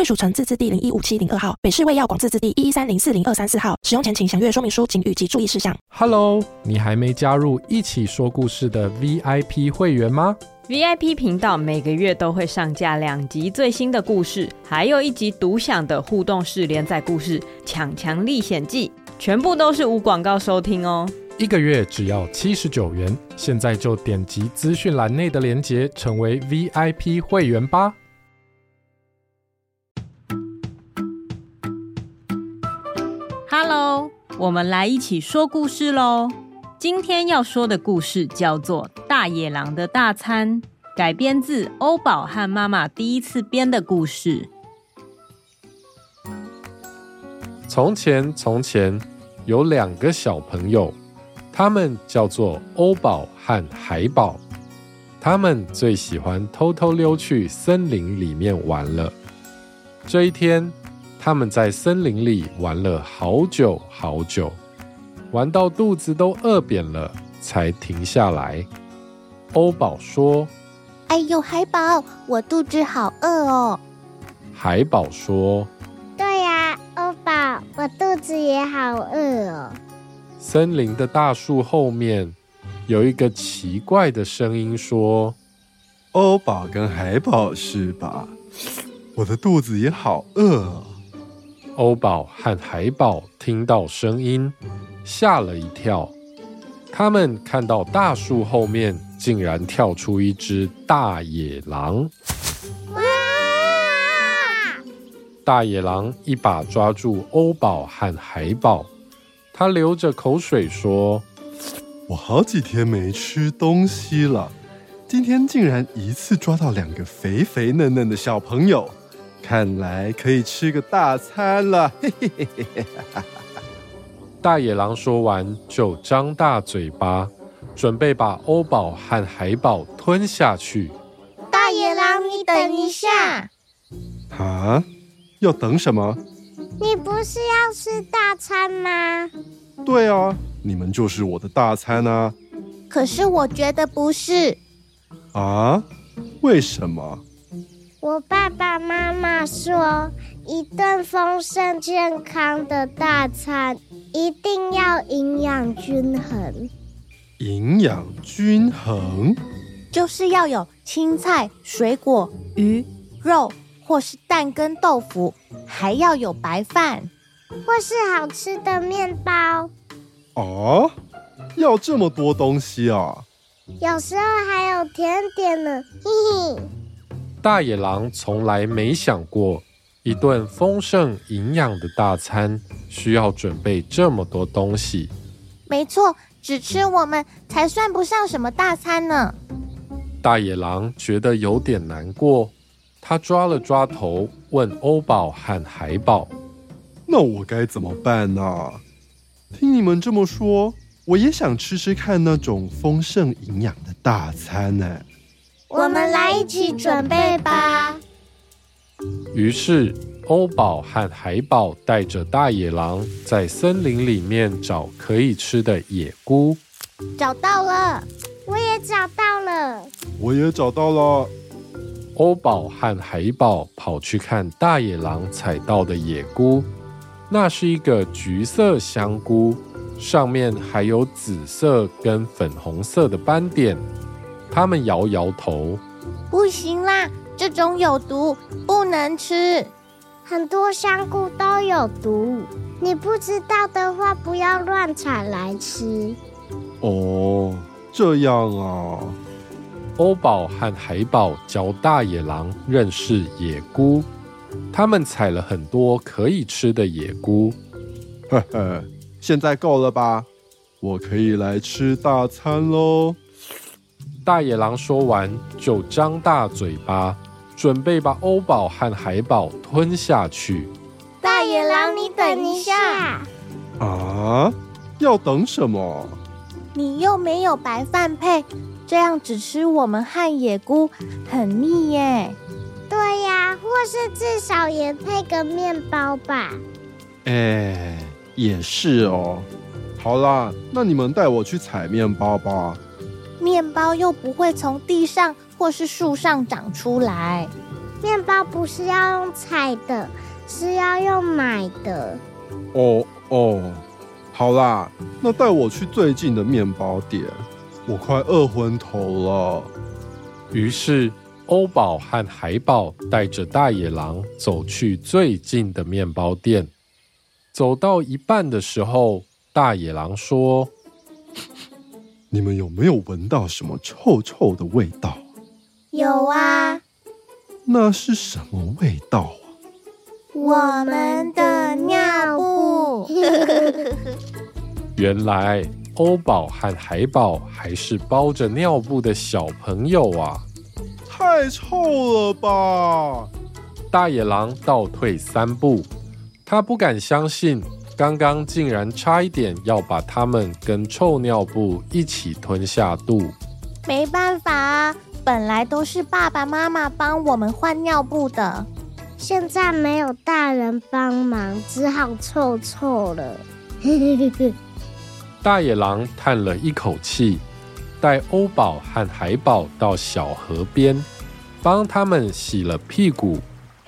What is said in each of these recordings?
衛署成藥字第零一五七零二號，北市衛藥廣字第一一三零四零二三四號。使用前請詳閱說明書警語及注意事項。哈嘍，你還沒加入一起說故事的 VIP 會員嗎？VIP 頻道每個月都會上架兩集最新的故事，還有一集獨享的互動式連載故事《搶牆歷險記》，全部都是無廣告收聽哦，一個月只要七十九元。現在就點擊資訊欄內的鏈接，成為 VIP 會員吧。Hello，我們來一起說故事嘍。今天要說的故事叫做《大野狼的大餐》，改編自歐寶和媽媽第一次編的故事。從前，從前，從前有兩個小朋友，他們叫做歐寶和海寶，他們最喜歡偷偷溜去森林裡面玩了。這一天。他們在森林裡玩了好久好久，玩到肚子都餓扁了才停下來。歐寶說：“哎呦，海寶，我肚子好餓哦。”海寶說：“對呀，歐寶，我肚子也好餓哦。”森林的大樹後面有一個奇怪的聲音說：“歐寶跟海寶是吧？我的肚子也好餓哦。”歐寶和海寶聽到聲音，嚇了一跳。他們看到大樹後面竟然跳出一隻大野狼。啊！大野狼一把抓住歐寶和海寶，他流着口水說：“我好幾天沒吃東西了，今天竟然一次抓到兩個肥肥嫩嫩的小朋友。”看來可以吃個大餐了，嘿嘿嘿嘿！大野狼說完就張大嘴巴，準備把歐寶和海寶吞下去。大野狼，你等一下！啊？要等什麼？你不是要吃大餐嗎？對啊，你們就是我的大餐啊！可是我覺得不是。啊？為什麼？我爸爸媽媽說，一頓豐盛健康的大餐一定要營養均衡。營養均衡就是要有青菜、水果、魚、肉或是蛋跟豆腐，還要有白飯或是好吃的麵包。哦，要這麼多東西啊！有時候還有甜點呢，嘿嘿。大野狼從來沒想過，一頓豐盛營養的大餐需要準備這麼多東西。沒錯，只吃我們才算不上什麼大餐呢。大野狼覺得有點難過，他抓了抓頭，問歐寶和海寶：“那我該怎麼辦呢？聽你們這麼說，我也想吃吃看那種豐盛營養的大餐呢。”我們來一起準備吧。於是，歐寶和海寶帶着大野狼在森林裡面找可以吃的野菇。找到了，我也找到了，我也找到了。歐寶和海寶跑去看大野狼採到的野菇，那是一個橘色香菇，上面還有紫色跟粉紅色的斑點。他們搖搖頭，不行啦，這種有毒，不能吃。很多香菇都有毒，你不知道的話，不要亂採來吃。哦，這樣啊。歐寶和海寶教大野狼認識野菇，他們採了很多可以吃的野菇。呵呵，現在夠了吧？我可以來吃大餐嘍。大野狼說完，就張大嘴巴，準備把歐寶和海寶吞下去。大野狼，你等一下！啊？要等什麼？你又沒有白飯配，這樣只吃我們和野菇很膩耶。對呀、啊，或是至少也配個麵包吧。誒、哎，也是哦。好啦，那你們帶我去採麵包吧。麵包又不會從地上或是樹上長出來，麵包不是要用採的，是要用買的。哦哦，好啦，那帶我去最近的麵包店，我快餓昏頭了。於是歐寶和海寶帶着大野狼走去最近的麵包店，走到一半的時候，大野狼說：你們有沒有聞到什麼臭臭的味道？有啊。那是什麼味道啊？我們的尿布。 原來歐寶和海寶還是包着尿布的小朋友啊！太臭了吧！大野狼倒退三步，他不敢相信。剛剛竟然差一點要把他們跟臭尿布一起吞下肚。沒辦法啊，本來都是爸爸媽媽幫我們換尿布的，現在沒有大人幫忙，只好臭臭了。 大野狼嘆了一口氣，帶歐寶和海寶到小河邊，幫他們洗了屁股，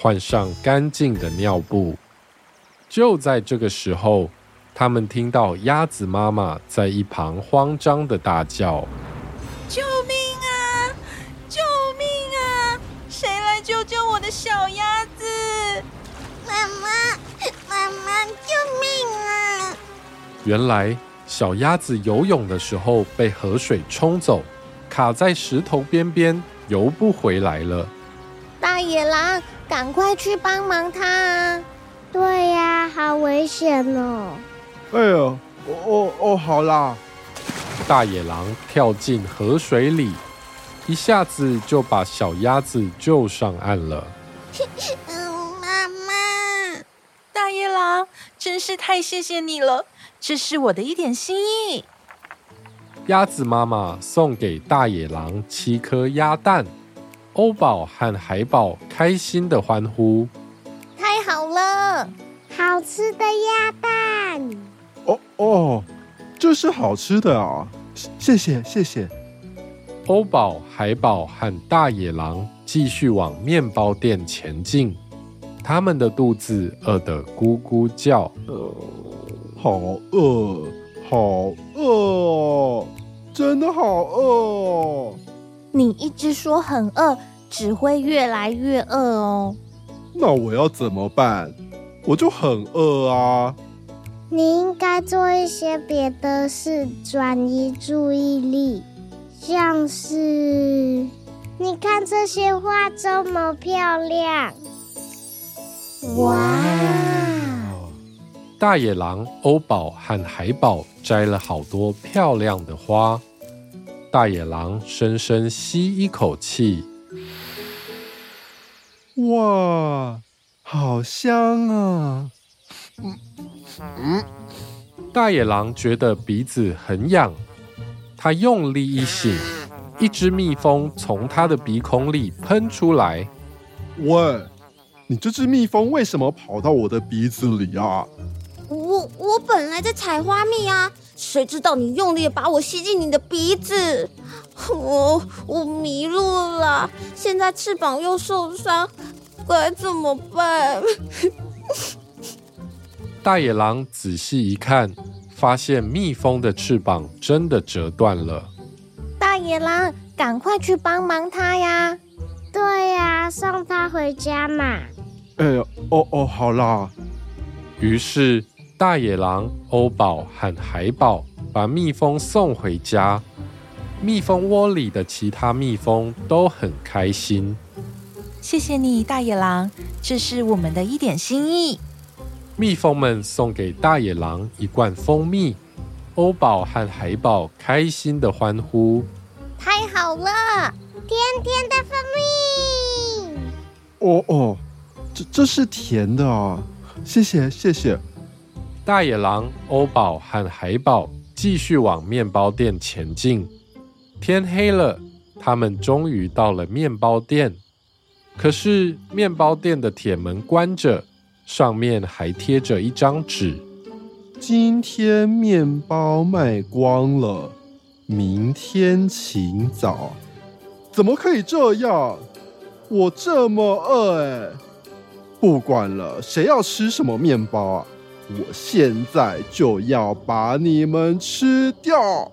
換上乾淨的尿布。就在這個時候，他們聽到鴨子媽媽在一旁慌張的大叫：“救命啊！救命啊！誰來救救我的小鴨子？媽媽，媽媽，救命啊！”原來，小鴨子游泳的時候被河水沖走，卡在石頭邊邊，游不回來了。大野狼，趕快去幫忙它。天吶！哎呦，哦哦哦，好啦！大野狼跳進河水裡，一下子就把小鴨子救上岸了。媽媽，大野狼真是太謝謝你了，這是我的一點心意。鴨子媽媽送給大野狼七顆鴨蛋，歐寶和海寶開心的歡呼：太好了！好吃的鴨蛋！哦哦，這是好吃的啊！謝謝謝謝。歐寶、海寶和大野狼繼續往麵包店前進，他們的肚子餓得咕咕叫，呃，好餓，好餓，真的好餓！你一直說很餓，只會越來越餓哦。那我要怎麼辦？我就很餓啊！你應該做一些別的事，轉移注意力，像是你看這些花這麼漂亮，哇！大野狼，歐寶和海寶摘了好多漂亮的花。大野狼深深吸一口氣，哇！好香啊！嗯嗯，嗯大野狼覺得鼻子很癢，他用力一擤，一隻蜜蜂從他的鼻孔裡噴出來。喂，你這只蜜蜂為什麼跑到我的鼻子裡啊？我我本來在採花蜜啊，誰知道你用力把我吸進你的鼻子？我我迷路了，現在翅膀又受傷。該怎麼辦？ 大野狼仔細一看，發現蜜蜂的翅膀真的折斷了。大野狼，趕快去幫忙它呀！對呀、啊，送它回家嘛。哎，哦哦，好啦。於是，大野狼、歐寶和海寶把蜜蜂送回家。蜜蜂窩裡的其他蜜蜂都很開心。謝謝你，大野狼，這是我們的一點心意。蜜蜂們送給大野狼一罐蜂蜜。歐寶和海寶開心的歡呼：“太好了，甜甜的蜂蜜！”哦哦，這這是甜的啊、哦！謝謝謝謝。大野狼、歐寶和海寶繼續往面包店前進。天黑了，他們終於到了面包店。可是麵包店的鐵門關着，上面還貼着一張紙：“今天麵包賣光了，明天請早。”怎麼可以這樣？我這麼餓、欸！不管了，誰要吃什麼麵包啊？我現在就要把你們吃掉！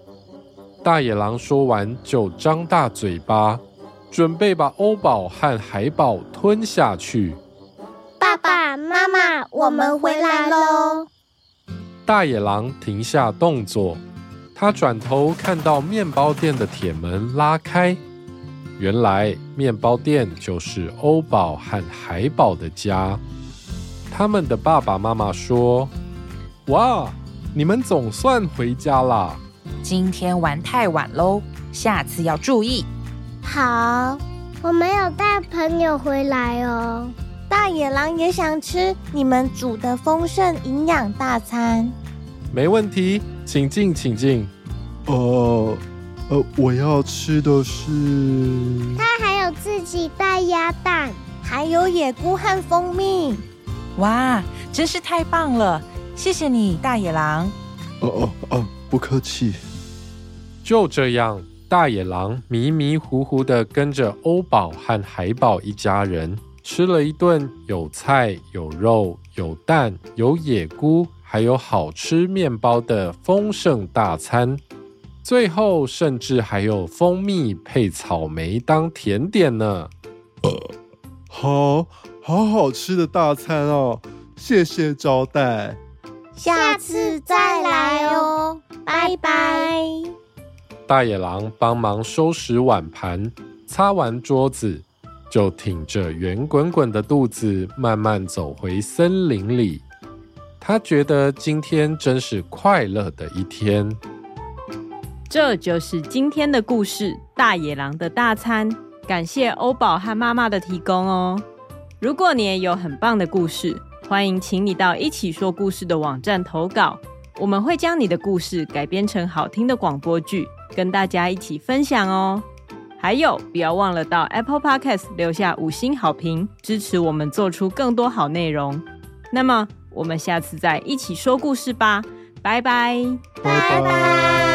大野狼說完就張大嘴巴。準備把歐寶和海寶吞下去。爸爸媽媽，我們回來嘍！大野狼停下動作，他轉頭看到麵包店的鐵門拉開。原來麵包店就是歐寶和海寶的家。他們的爸爸媽媽說：“哇，你們總算回家啦，今天玩太晚嘍，下次要注意。”好，我沒有帶朋友回來哦。大野狼也想吃你們煮的豐盛營養大餐，沒問題，請進，請進。呃，呃，我要吃的是……他還有自己帶鴨蛋，還有野菇和蜂蜜。哇，真是太棒了！謝謝你，大野狼。哦哦哦，不客氣。就這樣。大野狼迷迷糊糊的跟着歐寶和海寶一家人吃了一頓有菜有肉有蛋有野菇還有好吃麵包的豐盛大餐，最後甚至還有蜂蜜配草莓當甜點呢！呃，好好好吃的大餐哦，謝謝招待，下次再來哦，拜拜。大野狼幫忙收拾碗盤，擦完桌子，就挺着圓滾滾的肚子，慢慢走回森林裡。他覺得今天真是快樂的一天。這就是今天的故事《大野狼的大餐》，感謝歐寶和媽媽的提供哦。如果你也有很棒的故事，歡迎請你到一起說故事的網站投稿。我們會將你的故事改編成好聽的廣播劇，跟大家一起分享哦。還有，不要忘了到 Apple Podcast 留下五星好評，支持我們做出更多好內容。那麼，我們下次再一起說故事吧，拜拜，拜拜。